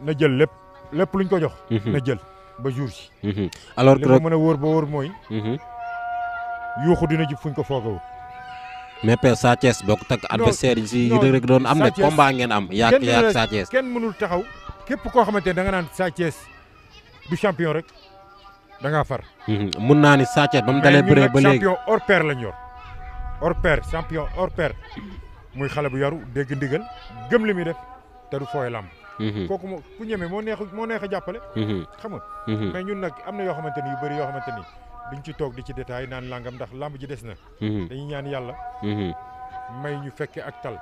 na jël lépp lépp luñ ko jox. Mhm. na jël ba jour ci mhm. alors que li ma mën a wóor ba wóor mooy. Mhm. yuuxu dina jub fuñ ko foogawul. mais père Sa Thiès bokk tak adversaire yi si Reug Reug doon am de combat ngeen am. yaak yaak Sa Thiès kenn mënul taxaw képp koo xamante ne da nga naan Sa Thiès du champion rek da ngaa far. mun naa ni Sa Thiès ba mu dalee bëree ba léegi champion hors pair lañ yor hors pair champion hors pair muy xale bu yaru dégg ndigal gëm li muy def te du fooy lamb Mm-hmm. kooku moo ku ñeme moo neex moo neex a jàppale mm-hmm. xam nga mm-hmm. ñun nag am na yoo xamante ni yu bëri yoo xamante ni duñ ci toog di ci détail naan langam ndax lamb ji des na dañuy ñaan yàlla may ñu fekke ak tal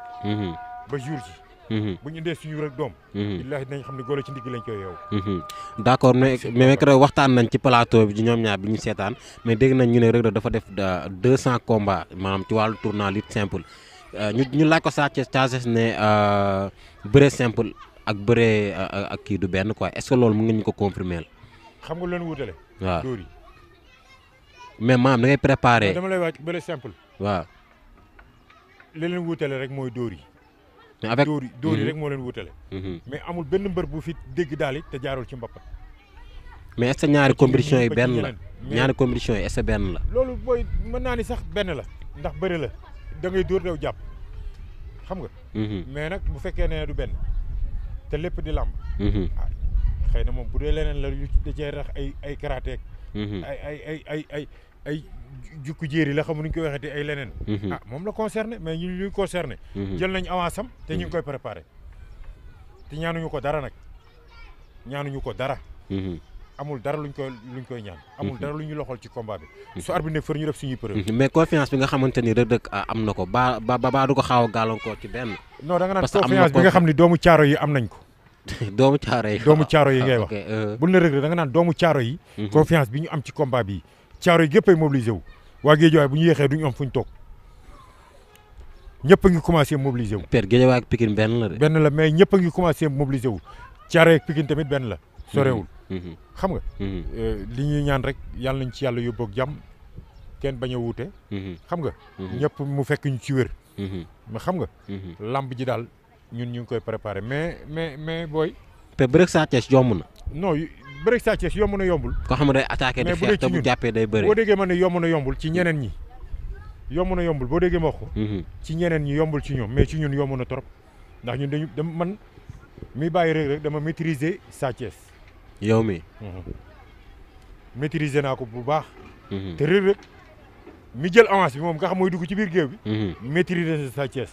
ba jour ji bu ñu indee suñu rek doom. billaahi dinañ xam ne góor ci ndigg lañ koy yow. d' accord mais mais waxtaan nañ ci plateau bi ñoom ñaar bi ñu seetaan mais dégg nañ ñu ne Reug Reug dafa def euh, deux cent combats maanaam ci wàllu tournoi lutte simple euh, ñu ñu Sa Thiès ne euh, ak bëree ak kii du benn quoi est-ce que loolu mën nga ñu ko confirmer la. xam nga lu leen wutale. waaw dóor mais maam da ngay préparé. dama lay wax bële simple. waaw. li leen wutale rek mooy dóor yi. mais avec dóor mhm. rek moo leen wutale. Mhm. mais amul benn mbër bu fit dégg daal te jaarul ci mbappat. mais est-ce ñaari compétition yi benn la ñaari compétition yi est-ce benn la. loolu booy mën naa ni sax benn la. ndax bëri la da ngay dóor daw jàpp xam nga. Mhm. mais nag bu fekkee ne du benn. te lépp di làmb mhm. ah xëy na moom bu dee leneen la lu da cee rax ay ay karateek mhm. ay ay ay ay ay ay jukku jéeri la xam nuñ koy waxeeti ay leneen mhm. ah moom la concerné mais ñu ñuy concerné jël nañ avance am te ñu ngi koy préparé te ñaanuñu ko dara nag ñaanuñu ko dara amul dara luñ koy luñ koy ñaan. amul mhm. dara lu ñu loxol ci combat bi. su arbitre fër ñu def suñu preuve. Mhm. mais confiance bi nga xamante ni Reug ah, am na ko ba ba ba du ko xaaw a gàllankoor ci benn. non da nga naan confiance bi nga xam ni doomu caaro yi am nañ ko. doomu caaro yi doomu caaro yi ah, ngay wax. Euh. bul ne Reug Reug da naan doomu caaro yi. Mhm. confiance bi ñu am ci combat bi caaro yi wu. waa Guédiawaye bu ñu yéexee du ñu am fuñ toog ñëpp a ngi commencé mobilisé wu. Père Guédiawaye ak Pikine benn la de. benn la mais ñëpp ngi commencé mobilisé wu caaro ak Pikine tamit benn la sorewul mm-hmm. Mm-hmm. xam nga mm-hmm. euh, li ñuy ñaan rek yàlla nañ ci yàlla yóbbu ak jàmm kenn bañ a wuute xam nga ñëpp mu fekk ñu ci wér ma xam nga làmb ji daal ñun ñu ngi koy préparé mais mais mais booy te bëreeg Sa Thiès yomb na non bëreeg Sa Thiès yomb na yombul koo xam ne day attaqué di xeex te jàppee day bëri boo déggee ma ne yomb na yombul ci ñeneen ñi yomb na yombul boo déggee ma wax ko ci ñeneen ñi yombul ci ñoom mais ci ñun yomb na trop ndax ñun dañu man mi bàyyi rek rek dama maîtriser Sa yow mi mhm. maîtriser naa ko bu baax. Mhm. te Reug Reug mi jël avance bi moom nga xam mooy dugg ci biir géew bi. Mhm. maîtriser sa Thiès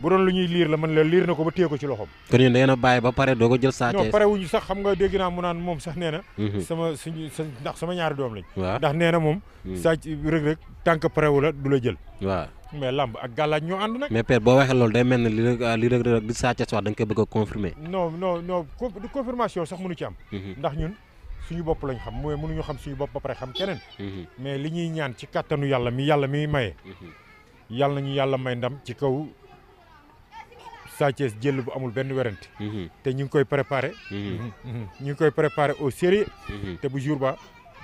bu doon lu ñuy liir la man la liir na ko ba téye ko ci loxoom. kon yéen da ngeen bàyyi ba pare doo ko jël saa Thiès. non pare wuñu sax xam nga dégg naa mu naan moom sax nee na. sama suñu ndax sama ñaari doom lañ. waaw ndax nee na moom. saa Reug Reug tànk parewu la du la jël. waaw. mais lamb ak gàllaaj ñoo ànd nag. mais père boo waxee loolu day mel ne li li rëg rëg di saa ca soir da nga koy bëgg a confirmer. non non non confirmation sax mënu ci am. Mhm. ndax ñun suñu bopp lañ xam mooy mënuñu xam suñu bopp ba pare xam keneen. Mhm. mais li ñuy ñaan ci kàttanu yàlla mi yàlla mi maye. Mhm. yàlla nañu yàlla may ndam ci kaw Sa Thiès jël bu amul benn werante. te ñu ngi koy préparé. ñu ngi koy préparé au sérieux. te bu jour ba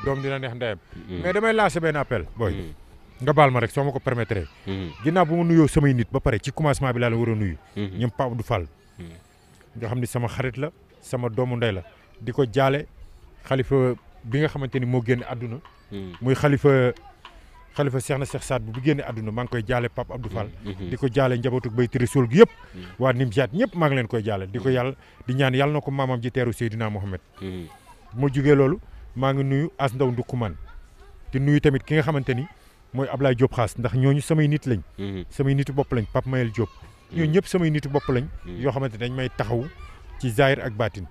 doom dina neex ndeyam. mais damay lancer benn appel booy. nga baal ma rek soo ma ko permettre. Hmm. ginnaaw bu ma nuyoo samay nit ba pare ci commencement bi laa la war a nuyu. Hmm. ñoom Pape Abdou Fall. Hmm. nga xam ni sama xarit la sama doomu ndey la di ko jaale xalifa bi nga xamante ni moo génn àdduna. muy xalifa xalifa Cheikh na Cheikh Saad bu génne adduna maa ngi koy jaale Pape Abdou Fall. di ko jaale njabootu bay tiri sol gi yëpp. waa Nimzaat ñëpp maa ngi leen koy jaale di ko yàlla di ñaan yàlla na ko maamam ji teeru Seydina Mohamed. bu ma jugee loolu maa ngi nuyu As Ndaw Ndoukoumane di nuyu tamit ki nga xamante ni. mooy Ablaye Diop xaas ndax ñooñu samay nit lañ. Mhm. samay nitu bopp lañ Pape Mayel Diop. Mhm. ñooñu ñëpp samay nitu bopp lañ. Mhm. yoo xamante dañ may taxaw ci zaahir ak baatin.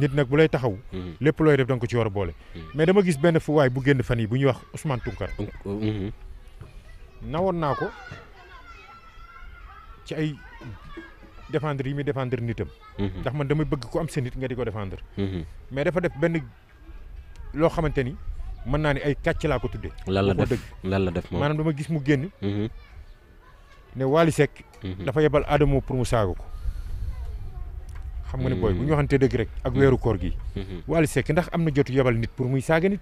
nit nag bu lay taxaw. lépp looy def da ko ci war a boole. mais dama gis benn fu waay bu génn fan yi bu ñuy wax Ousmane Tounkara. nawoon naa ko ci ay défendre yi muy défendre nitam. ndax man dama bëgg ku am sa nit nga di ko défendre. mais dafa def benn loo xamante ni. mën naa ni ay kàcc laa ko tuddee. lan la def lan la def moom maanaam dama gis mu génn. Mhm. ne Wally mhm. dafa yebal Adamo pour mu saaga ko. xam nga ni booy bu ñu mhm. waxante dëgg rek ak weeru koor gi. Wally Seck ndax am na jotu yebal nit pour muy saaga nit.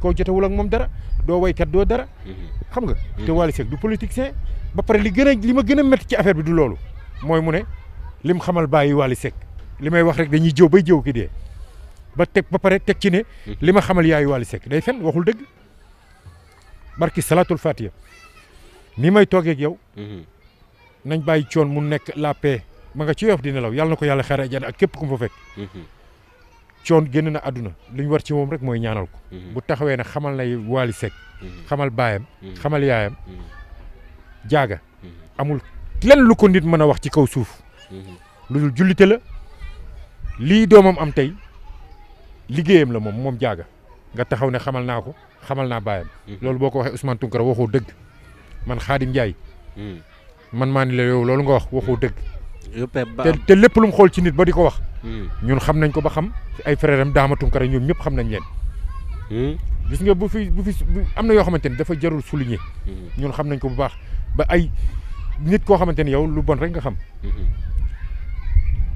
koo jotewul ak moom dara doo woykat doo dara. xam nga te Wally Seck du politicien. ba pare li gën a li ma gën a métti ci affaire bi du loolu. mooy mu ne lim xamal bàyyi Wally Seck li may wax rek dañuy jëw bay jëw ki dee. ba teg ba pare teg ci ne. Hmm. li ma xamal yaayu Wally Seck day fen waxul dëgg barki salatul fatiha ni may toogeeg yow. Hmm. nañ bàyyi coon mu nekk la ma nga ci yof di nelaw yàlla na ko yàlla xare ajana ak képp ku mu fa fekk. Hmm. coon génn na àdduna li ñu war ci moom rek mooy ñaanal ko. bu taxawee ne xamal nay Wally Seck. xamal baayam xamal yaayam. jaaga amul lenn lu ko nit mën a wax ci kaw suuf. lu dul jullite la lii doomam am tey. liggéeyam la moom moom jaaga nga taxaw ne xamal naa ko xamal naa baayam mhm. loolu boo ko waxee Ousmane Tounkara waxoo dëgg man Khadim Ndiaye mhm. man maa ni la yow loolu nga wax waxoo dëgg te lépp lu xool ci nit ba di ko wax mhm. ñun xam nañ ko ba xam ay frère am Dama Tounkara ñoom ñëpp xam nañ leen gis nga bu fi bu fi am na yoo xamante ni dafa jarul souligner ñun xam nañ ko bu baax ba ay nit koo xamante ni yow lu bon rek nga xam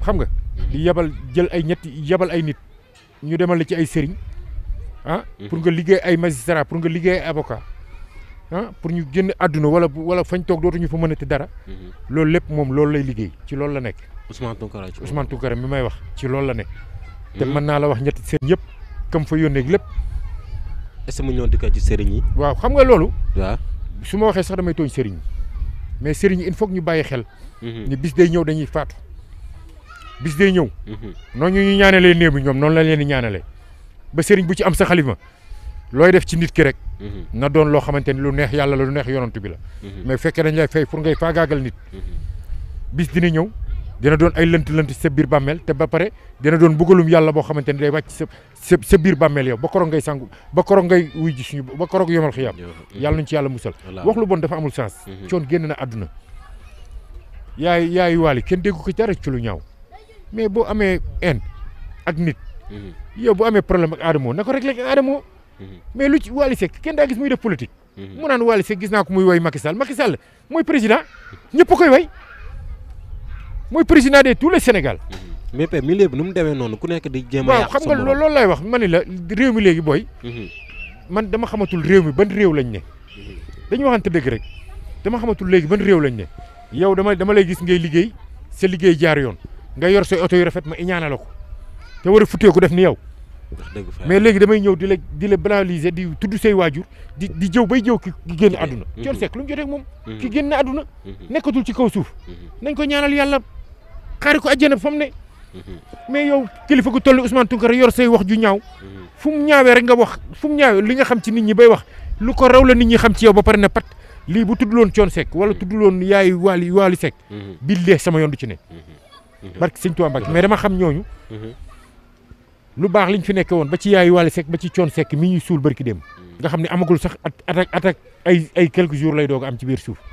xam nga di yebal jël ay ñetti yebal ay nit ñu demal la ci ay sëriñ ah. Mhm. pour nga liggéey ay magistrat pour nga liggéey ay avocat ah, pour ñu génn àdduna wala wala fañ toog dootuñu fa mënati dara. Mhm. loolu lépp moom loolu lay liggéey ci loolu la nekk. Ousmane Tounkara ci Ousmane Tounkara mi may wax ci loolu la nekk. te mhm. mën naa la wax ñetti sëriñ yëpp comme fa yónnee lépp. est-ce que ñëw dikkaat ci sëriñ yi. waaw xam nga loolu. waaw su ma waxee sax damay tooñ sëriñ mais sëriñ il faut ñu bàyyi xel. ni bis day ñëw dañuy faatu. bis day ñëw. Mhm. noonu ñu ñaanalee néew bi ñoom noonu la leen di ñaanalee ba sëriñ bu ci am sa xalima looy def ci nit ki rek. Mhm. na doon loo xamante ni lu neex yàlla la lu neex yonantu bi la. Mhm. mais fekkee dañ lay fay pour ngay faagaagal nit. bis dina ñëw dina doon ay lënt-lënt sa biir bàmmeel te ba pare dina doon bëggalum yàlla boo xamante ni day wàcc sa sa biir bàmmeel yow ba koroog ngay sangu ba koroog ngay wuy ji suñu ba koroog yomal xiyaam. yàlla nañ ci yàlla musal. wax lu bon dafa amul sens. coon génn na àdduna. yaay yaay waali kenn déggu ko dara ci lu ñaaw mais boo amee haine ak nit. Mm-hmm. yow boo amee problème ak Adamo na ko réglé ak Adamo. Mm-hmm. mais lu ci Wally Seck kenn daa gis muy def politique. Mm-hmm. mu naan Wally Seck gis naa ko muy woy Macky Sall Macky Sall mooy président ñëpp koy woy mooy président de tout le Sénégal. mais pe milieu bi nu mu demee noonu ku nekk di jéem a. yàq waaw xam nga loolu lay wax ma ni la réew mi léegi booy. man dama xamatul réew mi ban réew lañ ne. dañu waxante dëgg rek dama xamatul léegi ban réew lañ ne yow dama dama lay gis ngay liggéey sa liggéey jaar yoon. nga yor say oto yu rafet ma iñaane la ko te war a ko def ni yow. mais léegi damay ñëw di la di la banaliser di tudd sey waajur di di jëw bay jëw ki génn àdduna. Thione Seck lu mu jotee ak moom. Mhm. ki génn àdduna. Mhm. nekkatul ci kaw suuf. Mhm. nañ ko ñaanal yàlla xaari ko àjjana mu ne. mais yow kilifa gu tolli Ousmane Tounkara yor say wax ju ñaaw. fu mu rek nga wax fu mu li nga xam ci nit ñi bay wax lu ko raw la nit ñi xam ci yow ba pare ne pat lii bu tudd loon Thione Seck wala tudd loon yaay Wally Wally Seck. billaahi sama yoon du ci ne. Mhm. barke sëñ Tuubaa Mbàkke mais dama xam ñooñu mhm. lu baax liñ fi nekke woon ba ci yaayu Wally Seck ba ci coon Seck mi ñuy suul barki dem mhm. nga xam ne amagul sax at at ak ay ay quelques jours lay doog am ci biir suuf